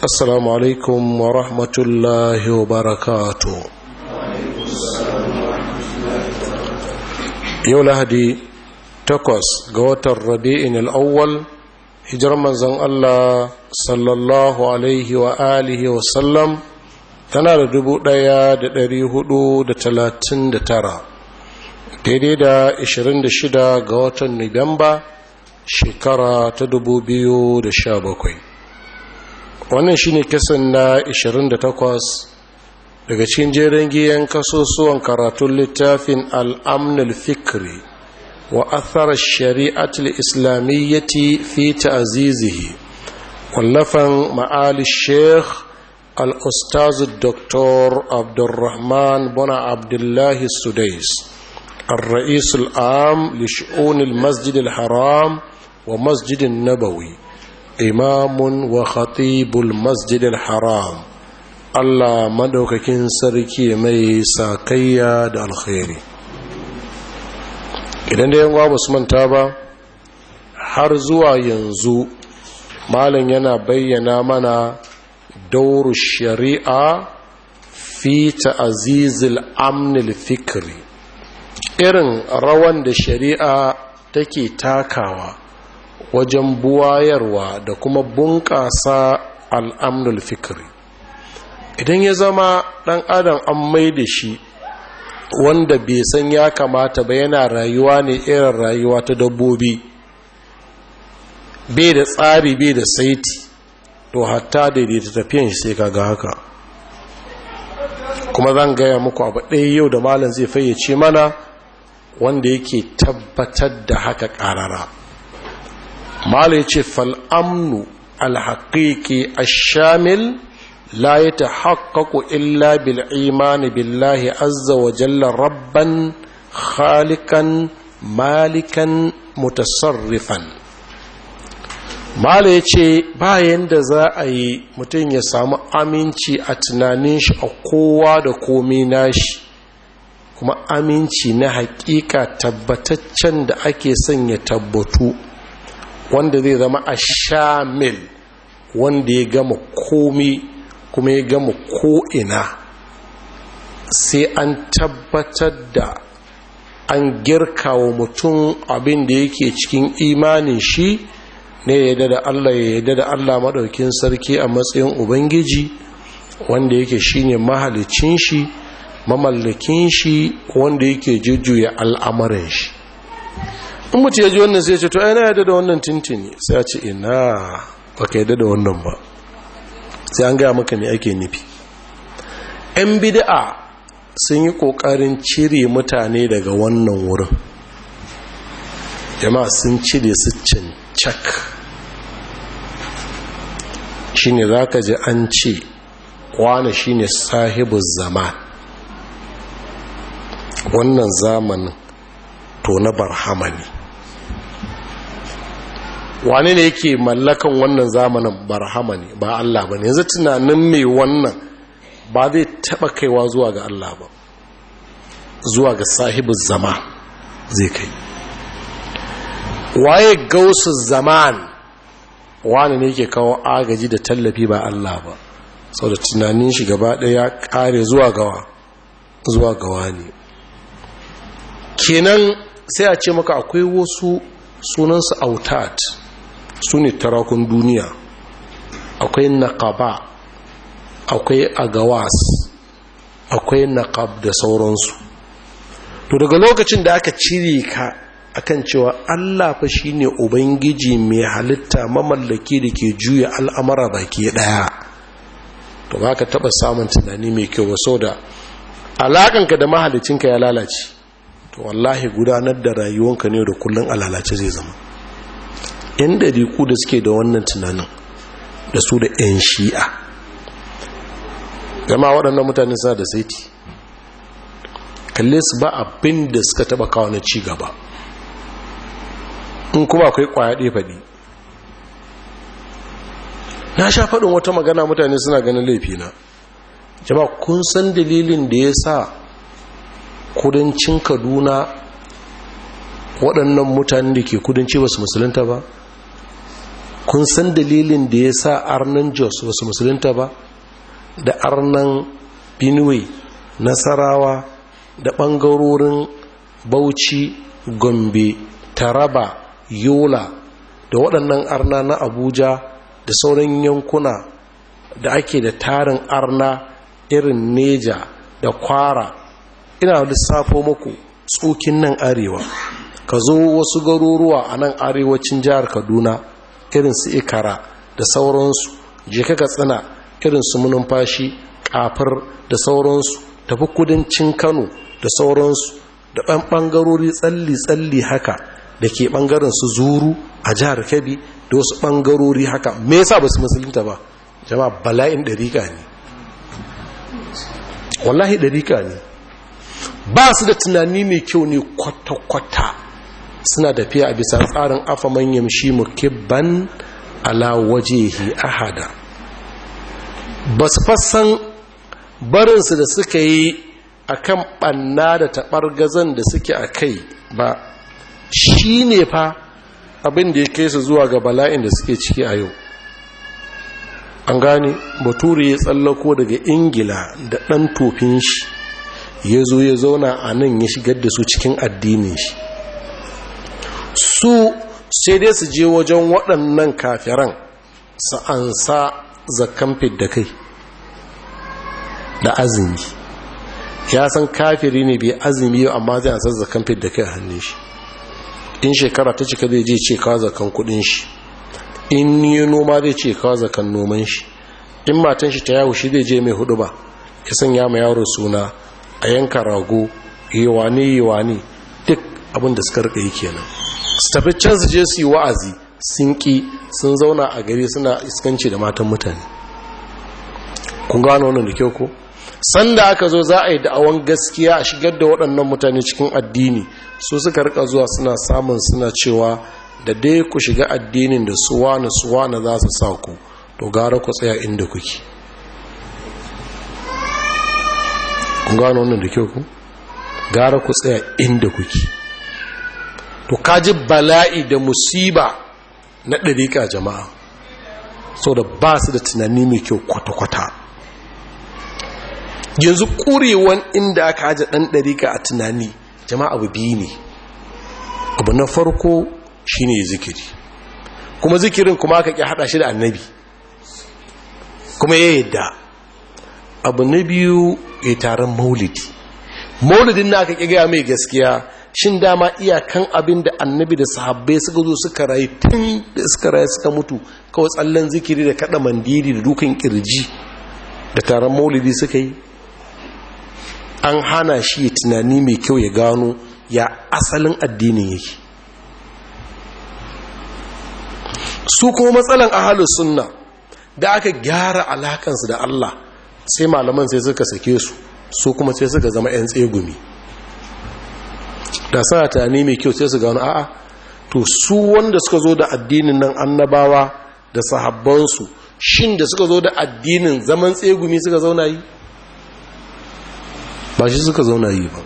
assalamu alaikum wa rahmatullahi wa barakatu yau lahadi takwas ga watan rabi'in Al-Awwal, hijar manzan Allah sallallahu tana da dubu ɗaya da dari hudu da talatin da tara daidai da ashirin da shida ga watan nuwamba shekara ta dubu biyu da sha bakwai wannan shine kisan na 28 daga cikin jerin giyan kasusuwan karatun littafin al'amnul fikri wa athar shari'atul islamiyyati fi ta'azizihi kwallafan ma'ali sheikh al'ustaz dr abdurrahman bona abdullahi sudais الرئيس العام لشؤون المسجد الحرام ومسجد النبوي imamun wa khatibul masjidil haram Allah madaukakin sarki mai sakayya da alkhairi idan da yanwa basu manta ba har zuwa yanzu malam yana bayyana mana dauru shari'a fi ta'azizil amnil fikri irin rawan da shari'a take takawa wajen buwayarwa da kuma bunƙasa al'amnul fikiri idan ya zama ɗan adam an mai da shi wanda bai san ya kamata ba yana rayuwa ne irin rayuwa ta dabbobi bai da tsari bai da saiti to hatta daidaita tafiyan shi sai kaga haka kuma zan gaya muku abu ɗaya yau da malam zai fayyace mana wanda yake tabbatar da haka ƙarara mala ya ce fal'amnu alhaƙiƙi shamil la ya ta haƙaƙo illa imani billahi azza wa jalla rabban khalikan malikan mutasarrifan mala ya ce bayan da za a yi mutum ya samu aminci a tunanin shi a kowa da komi nashi kuma aminci na hakika tabbataccen da ake son ya tabbatu wanda zai zama a shamil wanda ya gama komi kuma ya gama ko'ina sai an tabbatar da an girka wa mutum abin da yake cikin imanin shi ne ya yada da Allah ya yada da Allah maɗaukin sarki a matsayin Ubangiji wanda yake shine mahalicin shi mamallakin shi wanda yake jujjuya al'amarin shi in mutu ya ji wannan sai ce to ai na yadda da wannan tintini sai a ce ina ba ka yadda da wannan ba sai an gaya maka ne ake nufi yan bida'a sun yi ƙoƙarin cire mutane daga wannan wurin jama'a sun cire su cancak shi ne za ka ji an ce kwana shi ne sahibu zaman wannan zamanin to na barhama ne wane ne yake mallakan wannan zamanin barhama ne ba Allah ba ne yanzu tunanin mai wannan ba zai taɓa kaiwa zuwa ga Allah ba zuwa ga sahibin zama zai kai waye gausu zaman wane ne yake kawo agaji da tallafi ba Allah ba sau da tunanin shi gaba ɗaya ƙare zuwa gawa zuwa gawa ne kenan sai a ce maka akwai wasu sunansu autat su ne tarakun duniya akwai naqaba akwai agawas akwai naqab da sauransu to daga lokacin da aka cire ka akan cewa Allah fa shine ubangiji mai halitta mamallaki da ke juya al'amara baki daya to ba ka taba samun tunani mai kyau saboda alakanka da mahalicinka ya lalace to wallahi gudanar da rayuwanka ne da kullun alalace zai zama 'yan ɗariku da suke da wannan tunanin da su da 'yan shi'a gama waɗannan mutane suna da saiti kalle su ba abin da suka taɓa kawo na ci gaba in kuma akwai ƙwaya ɗaya faɗi na sha faɗin wata magana mutane suna ganin laifina Jama kun san dalilin da ya sa kudancin kaduna waɗannan mutane da ke kudanci ba su musulunta ba kun san dalilin da ya sa arnan jos wasu musulunta ba da arnan binwe nasarawa da ɓangarorin bauchi gombe taraba yola da waɗannan arna na abuja da sauran yankuna da ake da tarin arna irin neja da kwara ina lissafo muku tsokin nan arewa ka zo wasu garuruwa a nan arewacin jihar kaduna irin su ikara da sauransu je ka tsina irin su kafir da sauransu tafi kudancin kano da sauransu da ɓan ɓangarori tsalli-tsalli haka da ke ɓangaren su zuru a jihar kebbi da wasu ɓangarori haka me yasa ba su musulunta ba jama'a bala'in ɗariƙa ne wallahi ɗariƙa ne ba su da tunani mai kyau ne kwata-kwata suna tafiya a bisa tsarin afaman yamshi mukibban ala wajehi ahada ba su fassan barinsu da suka yi a kan ɓanna da taɓargazan da suke a kai ba shi ne fa abin da ya kai su zuwa ga bala'in da suke ciki a yau an gane bature ya tsallako daga ingila da ɗan tofin shi ya zo ya zauna a nan ya shigar da su cikin addinin shi su sai dai su je wajen waɗannan kafiran su ansa zakan da kai da azumi ya san kafiri ne bai azumi amma zai ansa zakan da kai a hannun shi in shekara ta cika zai je ce kawo zakan kudin shi in yi noma zai ce kawo zakan noman shi in matan shi ta yawo shi zai je mai hudu ba ya sanya ma yaro suna a yanka rago yi yiwani duk abinda suka rika yi kenan su tafi can su je su yi wa'azi sun ƙi sun zauna a gari suna iskanci da matan mutane kun gano wannan da kyau ko sanda aka zo za a yi da'awan gaskiya a shigar da waɗannan mutane cikin addini su suka rika zuwa suna samun suna cewa da dai ku shiga addinin da su su suwana za su sa ku to gara ku tsaya inda kuke kun gano wannan da kyau ku gara ku tsaya inda kuke to kaji bala'i da musiba na ɗariƙa jama'a sau da ba su da tunani mai kyau kwata-kwata yanzu ƙurewan inda aka haji ɗan ɗariƙa a tunani jama'a abu biyu ne abu na farko shine zikiri kuma zikirin kuma aka ƙi haɗa shi da annabi kuma ya yadda abu na biyu ya taron maulidi maulidin na aka ƙi gaya mai gaskiya shin dama iyakan abin da annabi da sahabbai suka zo suka rayu tun da suka rayu suka mutu kawai tsallan zikiri da kada mandiri da dukan kirji da taron maulidi suka yi an hana shi ya tunani mai kyau ya gano ya asalin addinin yake su kuma matsalan ahalu sunna da aka gyara alakansu da Allah sai malaman sai suka sake su su kuma sai suka zama 'yan tsegumi da ta ne mai kyau sai su gano a'a to su wanda suka zo da addinin nan annabawa da sahabbansu shin da suka zo da addinin zaman tsegumi suka zauna yi ba shi suka zauna yi ba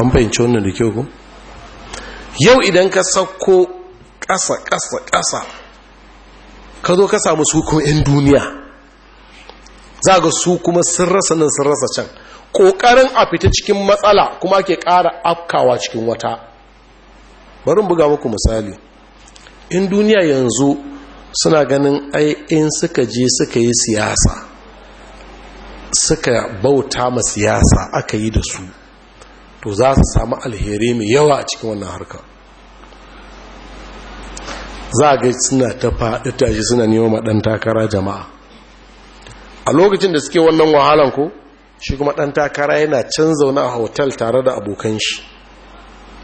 an fahimci wannan da kyau ku yau idan ka sako ƙasa ƙasa ƙasa ka zo ka samu su kuma 'yan duniya za ga su kuma sun rasa nan sun rasa can ƙoƙarin a fita cikin matsala kuma ke ƙara afkawa cikin wata bari buga muku misali in duniya yanzu suna ganin ai in suka je suka yi siyasa suka bauta ma siyasa aka yi da su to za su samu alheri mai yawa a cikin wannan harka za a ga suna ta faɗi tashi suna neman maɗan takara jama'a a lokacin da suke wannan wahalan ko shi kuma ɗan takara yana can zaune a hotel tare da abokan shi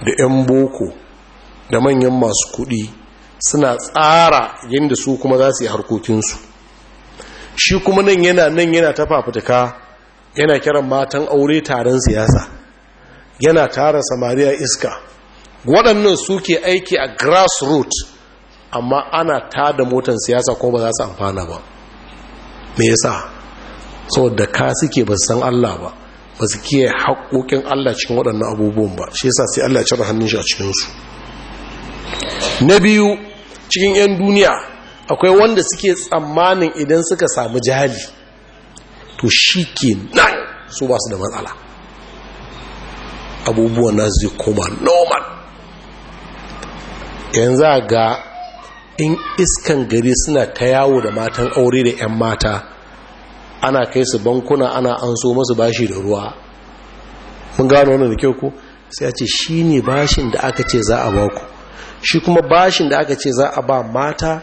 da 'yan boko da manyan masu kuɗi suna tsara yadda su kuma za su yi harkokinsu shi kuma nan yana nan yana ta fafutuka yana kiran matan aure taron siyasa yana tara samariya iska waɗannan suke aiki a grassroots amma ana tada motan siyasa ko ba za su amfana ba me yasa saboda ka suke ba san Allah ba ba su kiyaye haƙoƙin Allah cikin waɗannan abubuwan ba shi yasa sai Allah ya cire hannun shi a cikin su na biyu cikin 'yan duniya akwai wanda suke tsammanin idan suka samu jihali to shi ke nan su ba su da matsala abubuwan na zai koma normal yanzu ga in iskan gari suna ta yawo da matan aure da 'yan mata ana kai su bankuna ana an so masu bashi da ruwa mun gano wannan da kyau ko sai a ce shi ne bashin da aka ce za a ba ku shi kuma bashin da aka ce za a ba mata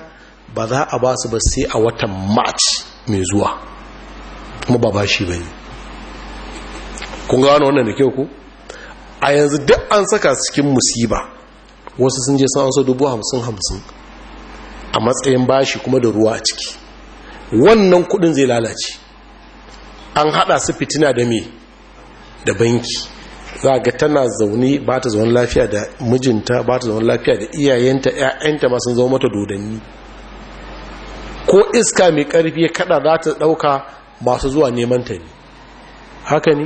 ba za a ba su ba sai a watan march mai zuwa kuma ba bashi ba ne kun gano wannan da kyau ku a yanzu duk an saka cikin musiba wasu sun je sun an so dubu hamsin hamsin a matsayin bashi kuma da ruwa a ciki wannan kudin zai lalace an hada su fitina da me da banki za ga tana zaune ba ta zaune lafiya da mijinta ba ta zaune lafiya da iyayenta 'ya'yanta sun zama mata dodanni ko iska mai karfi kada za ta dauka masu zuwa neman ta ne haka ne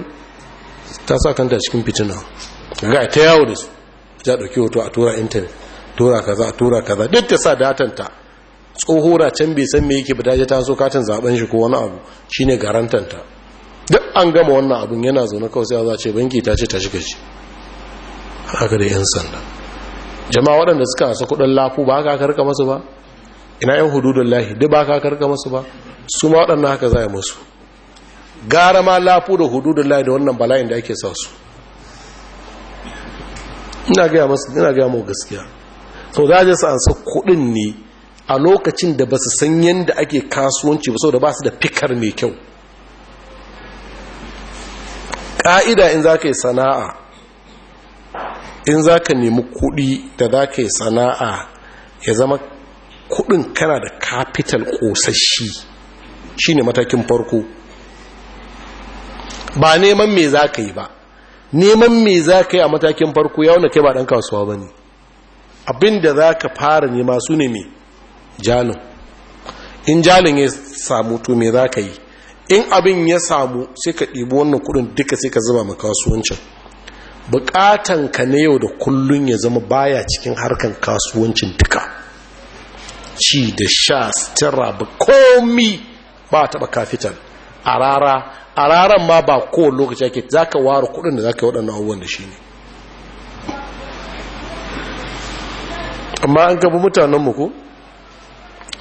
ta sa kanta cikin fitina ga ta yawo da su ta dauki hoto a tura intanet tura kaza tura kaza duk ta sa datanta tsohora can bai san me yake ba ta je ta so katin zaben shi ko wani abu shine garantanta duk an gama wannan abin yana zaune kawai sai za ce banki ta ce ta shiga ce haka da yan sanda jama'a waɗanda suka hasa kuɗin lafu ba ka karka masu ba ina yan hududun lahi duk ba ka karka masu ba su ma waɗanda haka za a musu gara ma lafu da hududun lahi da wannan bala'in da ake sa su ina gaya masu ina gaya mu gaskiya sau za a je su ansa kuɗin ne a lokacin da ba su san yadda ake kasuwanci ba sau da ba su da fikar mai kyau ƙa'ida in za sana'a in za ka nemi kuɗi da za ka yi sana'a ya zama kuɗin kana da kafital ƙosashi shi ne matakin farko ba neman me za ka yi ba neman me za ka yi a matakin farko ya wuna kai ba ɗan kasuwa ba ne abin da za ka fara nema su ne mai jalin in jalin ya samu to me za ka yi in abin ya samu sai ka ɗibi wannan kudin duka sai ka zama ma kasuwancin bukatan ka na yau da kullun ya zama baya cikin harkan kasuwancin duka ci da sha sitira ba komi ba taɓa kafitan a rara a ma ba ko lokaci ake za ka ware kudin da za ka yi waɗannan abubuwan da shi ne amma an gaba mutanenmu ko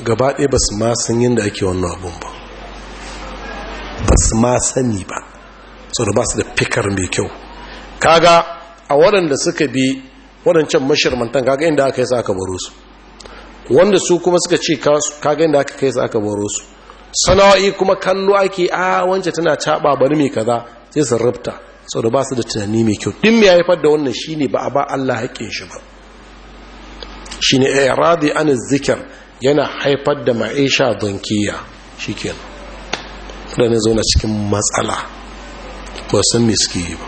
gaba ɗaya ba su ma san yin da ake wannan abun ba ba su ma sani ba sau da ba su da fikar mai kyau kaga a waɗanda suka bi waɗancan mashirmantan kaga inda aka yi sa aka baro su wanda su kuma suka ce kaga inda aka kai su aka baro su sana'o'i kuma kallo ake a wance tana caɓa bari mai kaza sai su rubta sau da ba su da tunani mai kyau din mai haifar da wannan shine ba a ba Allah haƙƙin shi ba shine iradi an zikir yana haifar da ma'isha donkiya shikenan waɗanda zauna cikin matsala ba san me suke yi ba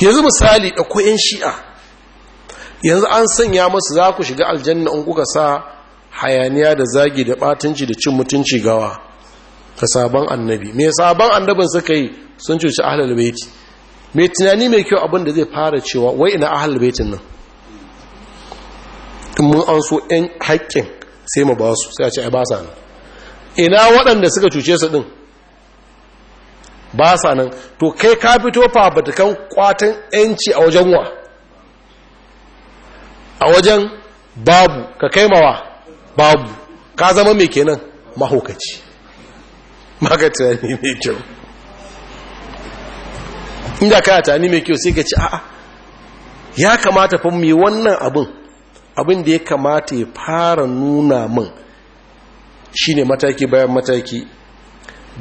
yanzu misali ɗauko 'yan shi'a yanzu an sanya masu za ku shiga aljanna in kuka sa hayaniya da zagi da ɓatanci da cin mutunci gawa ta sabon annabi mai sabon annabin suka yi sun cuci ahalar baiti mai tunani mai kyau abin da zai fara cewa wai ina ahalar baitin nan in mun an so 'yan haƙƙin sai mu ba su sai a ce ai ba sa nan ina waɗanda suka cuce su ɗin ba sa nan to kai ka fito fafatakan kwatan 'yanci a wajen wa a wajen babu ka kaimawa babu ka zama mai kenan mahaukaci maka ne mai kyau inda ka ne mai kyau sai ka ci a'a ya kamata fa mai wannan abin abin da ya kamata ya fara nuna min shine mataki bayan mataki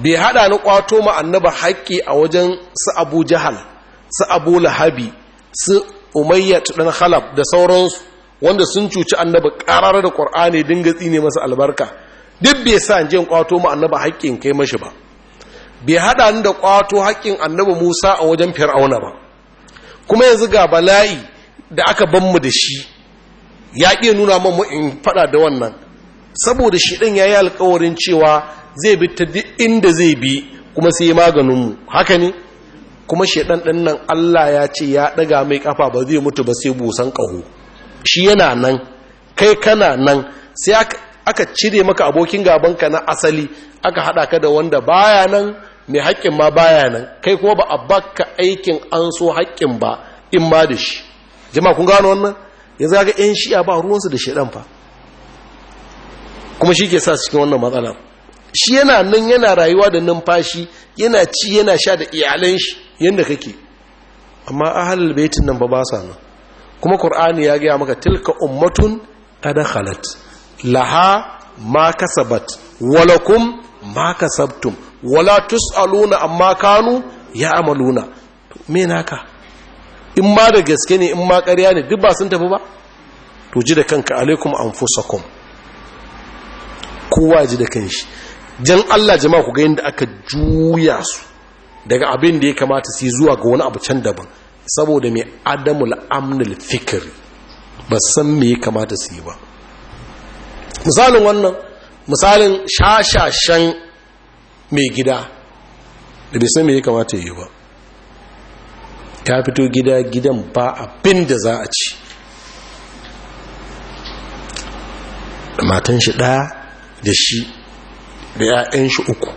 bai hada ni kwato ma annaba haƙƙi a wajen su abu jahal su abu lahabi su umayya dan halab da sauransu wanda sun cuci annaba ƙarar da ƙur'ani dinga tsine masa albarka duk bai sa jin kwato ma annaba haƙƙin kai mashi ba bai hada ni da kwato haƙƙin annaba musa a wajen fir'auna ba kuma yanzu ga bala'i da aka ban mu da shi ya iya nuna mu in fada da wannan saboda shi ɗin ya yi alkawarin cewa zai bi ta duk inda zai bi kuma sai yi maganinmu haka ne kuma shi ɗin nan allah ya ce ya ɗaga mai ƙafa ba zai mutu ba sai busan ƙaho shi yana nan kai kana nan sai aka cire maka abokin gabanka na asali aka haɗa ka da wanda baya nan mai haƙƙin ma baya nan kai kuma ba a baka aikin an so haƙƙin ba in ma da shi jama'a kun gano wannan yanzu ga 'yan shi'a ba ruwansu da shaɗan fa kuma shi ke sa cikin wannan matsala shi yana nan yana rayuwa da numfashi yana ci yana sha da iyalan shi yadda kake amma ahalul baitin nan ba ba sa nan kuma qur'ani ya gaya maka tilka ummatun qad khalat laha ma kasabat walakum ma kasabtum wala tusaluna amma kanu ya amaluna me naka in ma da gaske ne in ma ƙarya ne duk ba sun tafi ba to ji da kanka alaikum anfusakum kowa ji da kanshi jan Allah jama'a ku ga yadda aka juya su daga abin da ya kamata su zuwa ga wani abu can daban saboda mai adamul amnul fikiri ba san me ya kamata su yi ba misalin wannan misalin shashashen mai gida da bai san me ya kamata yi ba ta fito gida gidan ba abin da za a ci da matan shi ɗaya da shi da 'ya'yan shi uku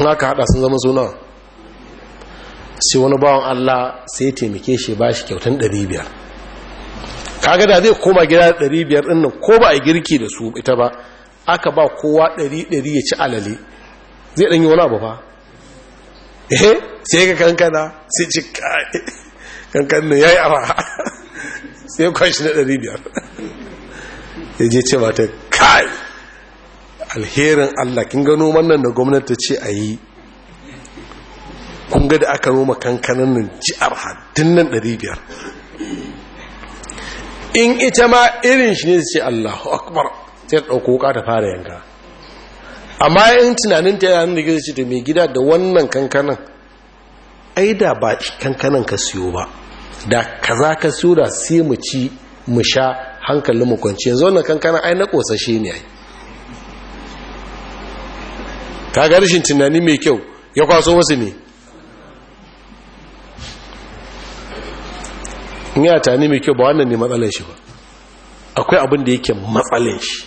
na ka hada sun zama suna sai wani bawan Allah sai ya taimake shi ba shi kyautan 500 kaga da zai koma gida da 500 din nan ko ba a girki da su ita ba aka ba kowa 100 ya ci alale zai yi wani abu fa eh sai ka kankana sai ci kankanin ya yi ara sai kwanci na 500 ya je ce ta. kai alherin Allah kin ga noman nan da gwamnati ce a yi kun ga da aka noma kankanan nan ji'ar haddin nan 500 in ita ma irin shi ne su ce Allahu akbar sai ta ɗauko wuka ta fara yanka amma in tunanin ta yana da gizo ce to mai gida da wannan kankanan ai da ba kankanan ka siyo ba da kaza ka siyo da sai mu ci mu sha hankalin mu kwanci yanzu wannan kankana ai na kosashe ne ai kaga rashin tunani mai kyau ya kwaso wasu ne in ya tani mai kyau ba wannan ne matsalin shi ba akwai abin da yake matsalin shi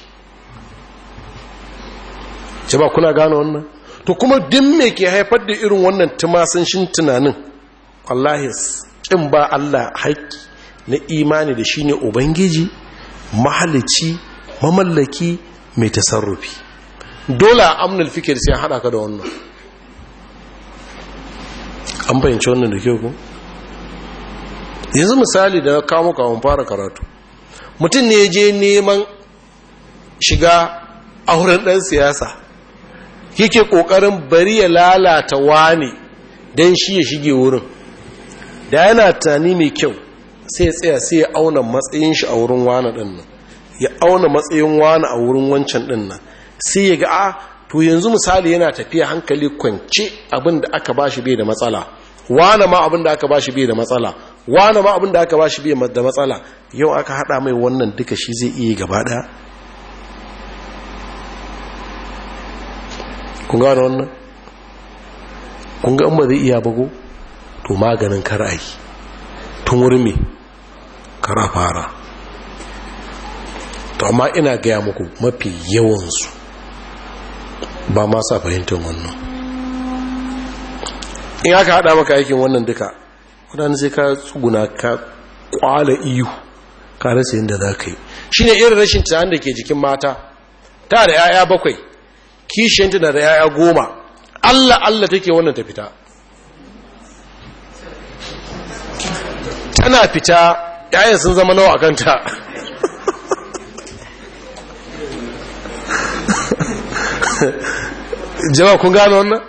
ce ba kuna gano wannan to kuma din mai ke haifar da irin wannan shi tunanin wallahi kin ba Allah haƙƙi na imani da shine ubangiji mahalici mamallaki mai tasarrufi dole a amnul fikir sai haɗa ka da wannan an fahimci wannan da kyau ku yanzu misali da kamo kawon fara karatu mutum ne ya je neman shiga auren ɗan siyasa yake ƙoƙarin bari ya lalata wane don shi ya shige wurin da yana tani mai kyau sai tsaya sai ya auna matsayin shi a wurin wani ɗin nan ya auna matsayin wani a wurin wancan ɗin nan sai ya ga a ah, to yanzu misali yana tafiya hankali kwance abin da aka shi bai da matsala wani ma abin da aka shi bai da matsala wani ma abin da aka shi bai da matsala yau aka haɗa mai wannan duka shi zai iya gaba ɗaya kun gane wannan kun ga in ba zai iya bago to maganin kar a tun wurin me kara fara to amma ina gaya muku mafi yawansu ba ma sa fahimtar wannan in aka haɗa maka aikin wannan duka waɗanda sai ka tsuguna ka kwala iyu ka rasa yadda za ka yi shi ne irin rashin tunanin da ke jikin mata ta da 'ya'ya bakwai kishiyanta da 'ya'ya goma allah allah take wannan ta fita tana fita yayin sun zama nawa a kanta jama'a kun gano wannan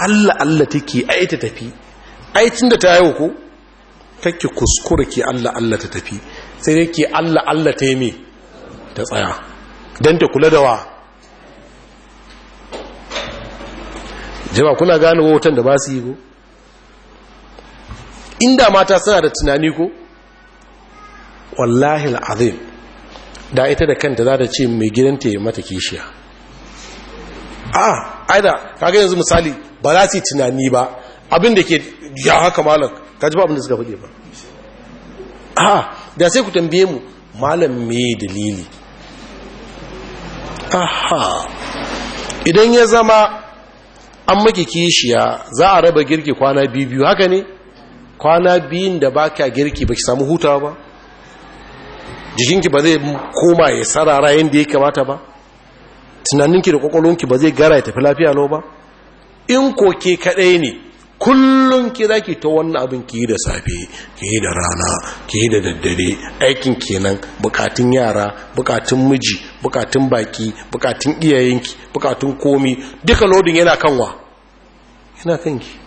Allah Allah take ai ta tafi ai tunda ta yi ko take kuskure ke Allah Allah ta tafi sai dai ke Allah Allah ta yi ta tsaya don ta kula da wa jama'a kuna gano hoton da ba su yi ko inda mata suna da tunani ko wallahi al'azim da ita da kanta za ta ce mai gidanta ya mata kishiya a aida kaga yanzu misali ba za su tunani ba abin ke ya haka malam ji ba abin da suka faɗi ba a da sai ku tambaye mu malam mai dalili aha idan ya zama an maki kishiya za a raba girki kwana biyu haka ne kwana biyun da ba ka girki ba ki samu hutawa ba jikinki ba zai koma ya sarara yadda ya kamata ba tunaninki da kwakwalonki ba zai gara ya tafi lafiya lau ba in koke kaɗai ne kullum ki za ki ta wannan abin ki yi da safe ki yi da rana ki yi da daddare aikin kenan bukatun yara bukatun miji bukatun baki bukatun iyayenki bukatun komi duka lodin yana kanwa yana kanki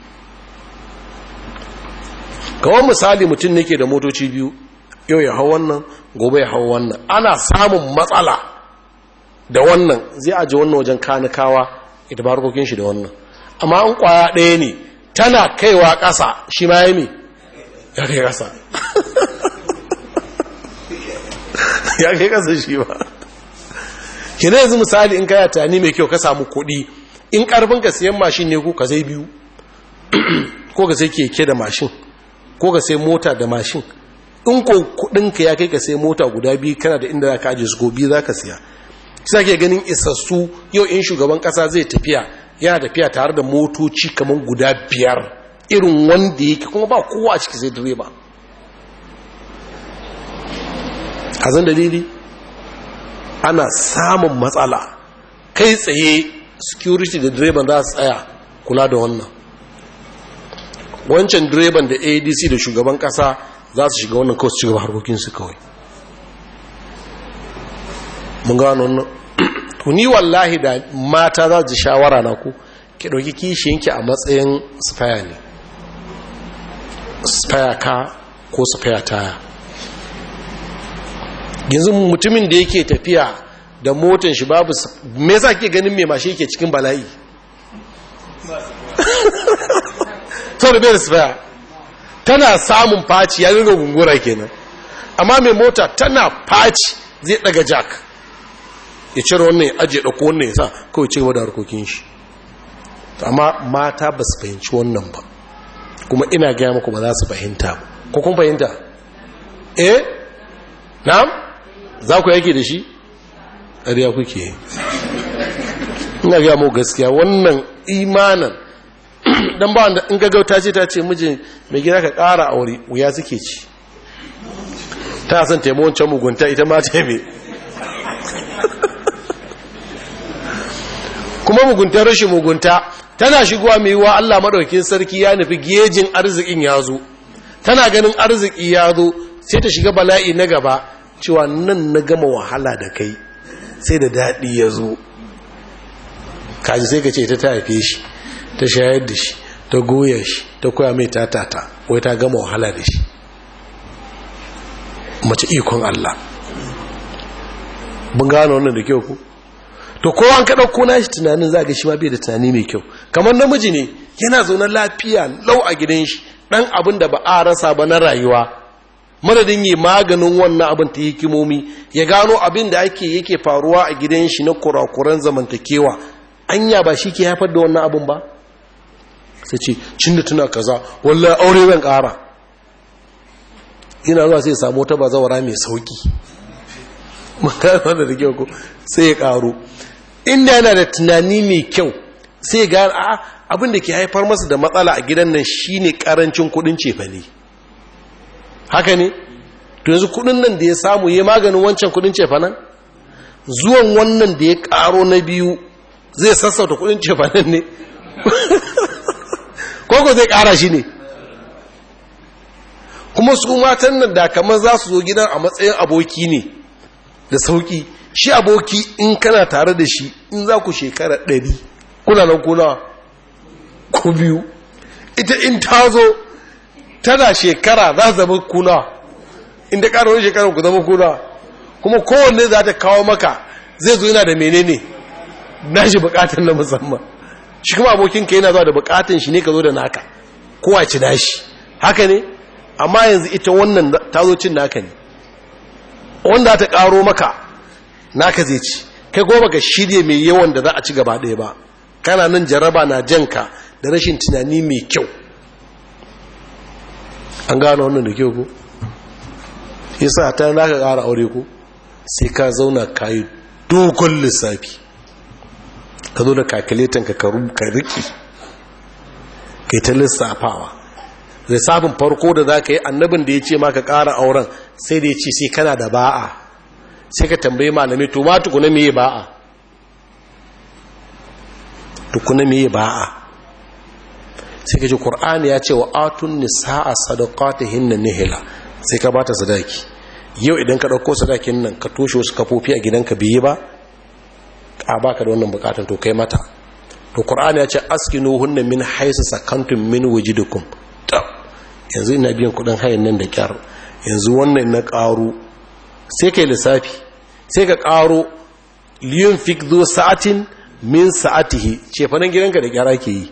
kawai misali mutum nake da motoci biyu yau ya hau wannan gobe ya hau wannan ana samun matsala da wannan zai aji wannan wajen kanikawa ita harkokin shi da wannan amma an kwaya ɗaya ne tana kaiwa ƙasa shi ma ya mi ya kai ƙasa ya kai ƙasa shi ba ne yanzu misali in kaya tani mai kyau ka samu kuɗi in ƙarfin ka siyan mashin ne ko ka zai biyu ko ka zai keke da mashin ko ka sai mota da mashin in ko kudinka ya kai ka sai mota guda biyu kana da inda za ka ajiye su gobe za ka siya sai ke ganin isassu yau in shugaban kasa zai tafiya yana tafiya tare da motoci kamar guda biyar irin wanda yake kuma ba kowa a ciki zai direba a zan dalili ana samun matsala kai tsaye security da direban za su tsaya kula da wannan wancan direban da adc da shugaban kasa za su shiga wannan kawai su shiga harkokinsu kawai mun gano wannan tuni wallahi da mata za su shawara na ku ki ɗauki kishiyanki a matsayin spaya ne spaya ka ko spaya taya yanzu mutumin da yake tafiya da motan shi babu me zaki ke ganin mai mashi yake cikin bala'i saboda bai tana samun faci ya dinga gungura kenan amma mai mota tana faci zai daga jack ya cire wannan ya ajiye da wannan ya sa kawai ce wadda harkokin shi amma mata ba su fahimci wannan ba kuma ina gaya muku ba za su fahimta ba ko kun fahimta eh na'am za ku yake da shi ariya kuke ina gaya mu gaskiya wannan imanin dan ba wanda in gaggauta ce ta ce mijin mai gida ka ƙara aure wuya suke ci ta san taimo wancan mugunta ita ma ta kuma muguntar rashin mugunta tana shigowa mai yiwuwa Allah maɗaukin sarki ya nufi gejin arzikin ya zo tana ganin arziki ya zo sai ta shiga bala'i na gaba cewa nan na gama wahala da kai sai da daɗi ya zo kaji sai ka ce ta tafe shi ta shayar da shi ta goya shi ta koya mai tatata wai ta gama wahala da shi mace ikon Allah bin gano wannan da kyau ku to kowa an kaɗa kuna shi tunanin za ga shi ma bai da tunani mai kyau kamar namiji ne yana zaune lafiya lau a gidan shi ɗan abin da ba a rasa ba na rayuwa madadin yi maganin wannan abin ta hikimomi ya gano abin da ake yake faruwa a gidan shi na kurakuran zamantakewa anya ba shi ke haifar da wannan abin ba sai ce cin da tuna kaza wallahi aure zan ƙara ina zuwa sai samu wata bazawara mai sauki magana da ko sai ya ƙaro inda yana da tunani mai kyau sai ga a abin da ke haifar masa da matsala a gidan nan shine karancin kudin cefane haka ne to yanzu kudin nan da ya samu ya maganin wancan kudin cefanen zuwan wannan da ya karo na biyu zai sassauta kudin cefanen ne koko zai ƙara shi ne kuma su matan nan da kamar za su zo gidan a matsayin aboki ne da sauki shi aboki in kana tare da shi in za ku shekara ɗari kuna nan kuna ku biyu ita in ta zo tana shekara za zama kuna in ta ƙara wani shekara ku zama kuna kuma kowanne za ta kawo maka zai zo yana da menene na shi bukatar na musamman shi kuma abokinka yana zuwa da bukatun shi ne ka zo da naka kowa ci nashi haka ne amma yanzu ita wannan ta zo cin naka ne wanda ta karo maka naka zai ci kai goma ka shirya mai yawan da za a ci gaba ɗaya ba kana nan jaraba na janka da rashin tunani mai kyau an gano wannan da kyau ko yasa ta naka ƙara aure ko sai ka zauna ka yi dogon lissafi ka zo da kakiletanka ka karu ka riki kai ta lissafawa lissafin farko da za ka yi annabin da ya ce maka ƙara auren sai da ya ce sai kana da ba'a sai ka tambayi malami to ma tukuna mai ba'a tukuna mai ba'a sai ka ji ƙur'ani ya ce wa atun nisa'a sadaqatihin hinna nihila sai ka ba ta sadaki yau idan ka ɗauko sadakin nan ka toshe wasu kafofi a gidanka biyi ba a baka da wannan bukatar to kai mata to qur'an ya ce askinu hunna min haisa sakantum min wujidukum to yanzu ina biyan kudin hayan nan da kyar yanzu wannan na ƙaru sai kai lissafi sai ka karo liyun fikdo sa'atin min sa'atihi ce fanin gidanka da kyara ke yi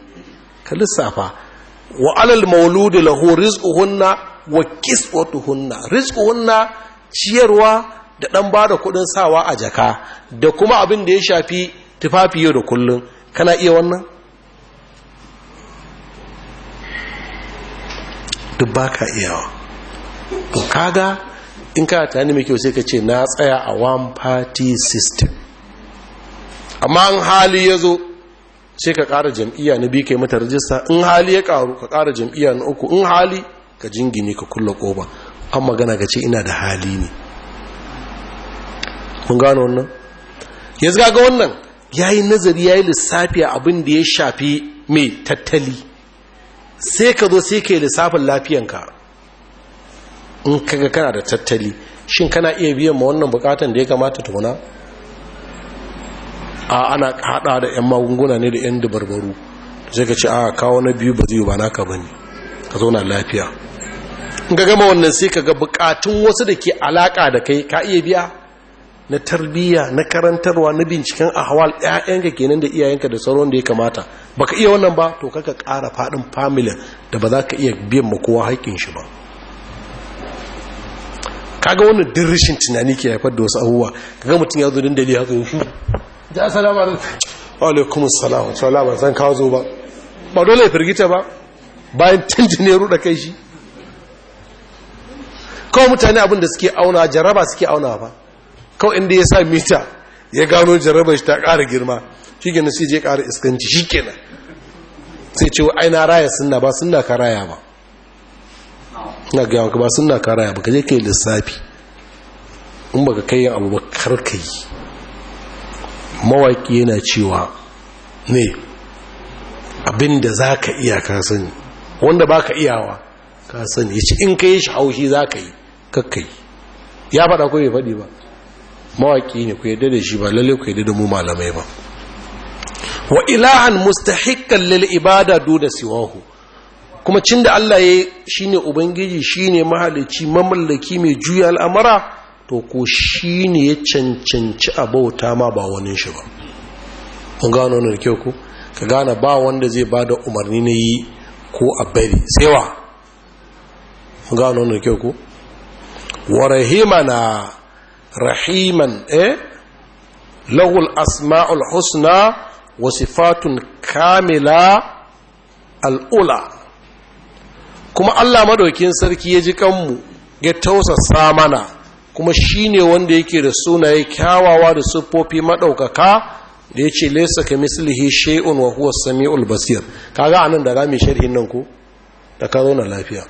ka lissafa wa alal mauludu lahu rizquhunna wa kiswatuhunna rizquhunna ciyarwa da ɗan ba da kuɗin sawa a jaka da kuma abin da ya shafi tufafi yau da kullum kana iya wannan duk ba ka iyawa kaga in ka tani mai kyau sai ka ce na tsaya a one party system amma in hali ya zo sai ka ƙara jam'iyya na biyu kai mata rajista in hali ya ƙaru ka ƙara jam'iyya na uku in hali ka jingine ka kulla koba. an magana ka ce ina da hali ne mun gano wannan Ya zaga ga wannan ya yi nazari ya yi lissafi abin da ya shafi mai tattali sai ka zo sai ka yi lissafin lafiyanka in kaga kana da tattali shin kana iya biyan ma wannan bukatan da ya kamata tuna a ana hada da 'yan magunguna ne da 'yan dubarbaru. sai ka ce a kawo na biyu ba zai ba naka ba ne ka zauna lafiya in ka gama wannan sai ka ga bukatun wasu da ke alaka da kai ka iya biya na tarbiyya na karantarwa na binciken ahwal ƴaƴanka kenan da iyayenka da sauran da ya kamata baka iya wannan ba to kaka ƙara faɗin family da ba za ka iya biyan ma kowa haƙƙin shi ba kaga wannan dirishin tunani ke haifar da wasu abubuwa kaga mutum ya zo din dali haka shi ja assalamu alaikum assalam san ka zo ba ba dole ya firgita ba bayan ne ruɗa kai shi kawai mutane abin da suke auna jaraba suke auna ba kawai inda ya sa mita ya gano jarabar shi ta ƙara girma shi gina sai je ƙara iskanci shi kenan sai ce ai na raya sunna ba sunna ka raya ba ina ga ka ba sunna ka raya ba ka je kai lissafi in baka kai yin abu ba yi. mawaki yana cewa ne abinda za ka iya ka sani wanda ba ka iyawa ka sani ya ci in ka yi shi haushi za ka yi kakkai ya faɗa ko bai faɗi ba Mawaƙi ne ku yadda da shi ba lalle ku yadda da mu malamai ba wa ilahan mustahikkan lil ibada da siwahu kuma cin da Allah ya shine ubangiji shine mahalici mamallaki mai juya al'amara to ko shi ne ya cancanci a bauta ma ba wani shi ba kun gano wani kyau ku ka gane ba wanda zai ba da umarni na yi ko a bari sai wa kun gano wani kyau ku wa rahimana rahiman eh lahul asma'ul husna wa sifatun kamila al'ula kuma Allah madaukin sarki ya ji kanmu ya tausasa mana kuma shine wanda yake da sunaye kyawawa da siffofi maɗaukaka da ya ce laisa ka mislihi shay'un wa huwa samiul basir ga anan da zamu sharhin nan ko da ka zauna lafiya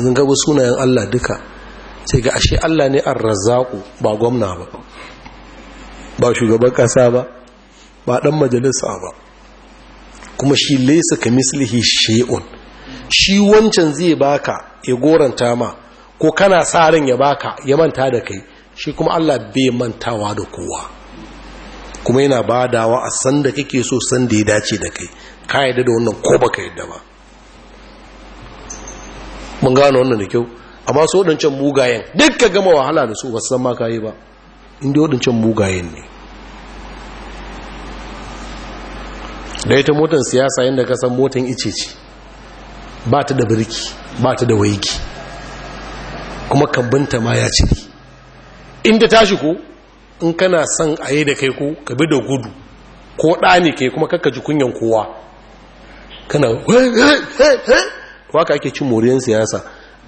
idan ga sunayen Allah duka sai ga ashe Allah ne ar-razzaqu ba gwamna ba ba shugaban kasa ba ba dan majalisa ba kuma shi laysa kamislihi shay'un shi wancan zai baka ya goranta ma ko kana tsarin ya baka ya manta da kai shi kuma Allah bai mantawa da kowa kuma yana badawa a sanda kake so sanda ya dace da kai ka yadda da wannan ko baka yadda ba mun gano wannan da kyau amma su waɗancan mugayen duk ka gama wahala da su ba san ma kayi ba inda waɗancan mugayen ne da ita motar siyasa yadda ka san motar ice ce ba ta da birki ba ta da waiki kuma kabinta ma ya cire inda tashi ko in kana son a yi da kai ko ka bi da gudu ko ɗani kai kuma kakka ji kunyan kowa kana waka ake cin moriyar siyasa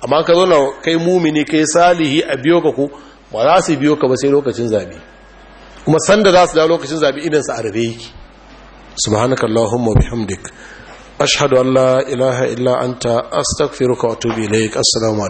amma ka zo na kai mumini kai salihi a biyo ka ku ba za su biyo ka ba sai lokacin zabi kuma sanda za su da lokacin zabi idan su arabe yake subhanaka allahumma bihamdik ashhadu an la ilaha illa anta astaghfiruka wa atubu ilaik assalamu